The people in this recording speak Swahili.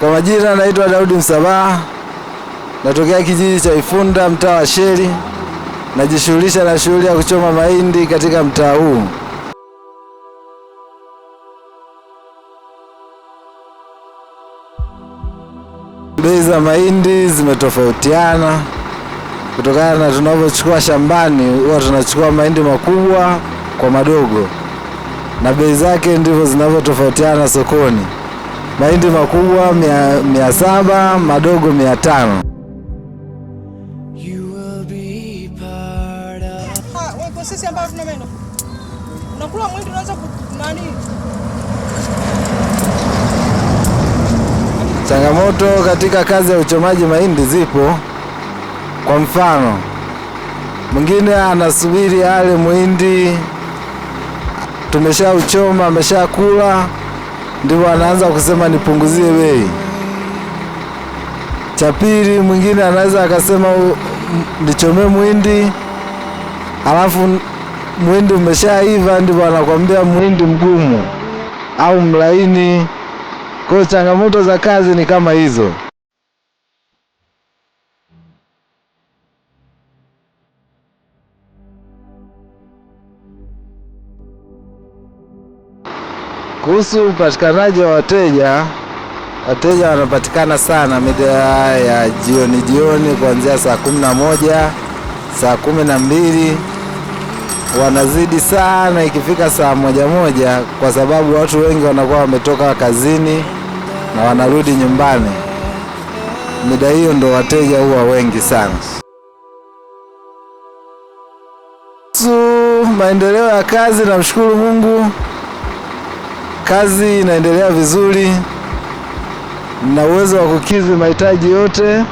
Kwa majina naitwa Daudi Msabaha, natokea kijiji cha Ifunda, mtaa wa Sheli. Najishughulisha na shughuli ya kuchoma mahindi katika mtaa huu. Bei za mahindi zimetofautiana kutokana na tunavyochukua shambani, huwa tunachukua mahindi makubwa kwa madogo, na bei zake ndivyo zinavyotofautiana sokoni mahindi makubwa mia, mia saba madogo mia tano. Ah, Changamoto katika kazi ya uchomaji mahindi zipo. Kwa mfano, mwingine anasubiri ale mwindi tumeshauchoma, ameshakula ndio anaanza kusema nipunguzie bei. Cha pili, mwingine anaweza akasema nichomee mwindi, alafu mwindi umeshaiva, ndipo anakwambia mwindi mgumu au mlaini. Kwa changamoto za kazi ni kama hizo. Kuhusu upatikanaji wa wateja, wateja wanapatikana sana mida ya jioni jioni, kuanzia saa kumi na moja saa kumi na mbili wanazidi sana ikifika saa moja moja, kwa sababu watu wengi wanakuwa wametoka kazini na wanarudi nyumbani. Mida hiyo ndo wateja huwa wengi sana. Maendeleo ya kazi, namshukuru Mungu. Kazi inaendelea vizuri na uwezo wa kukidhi mahitaji yote.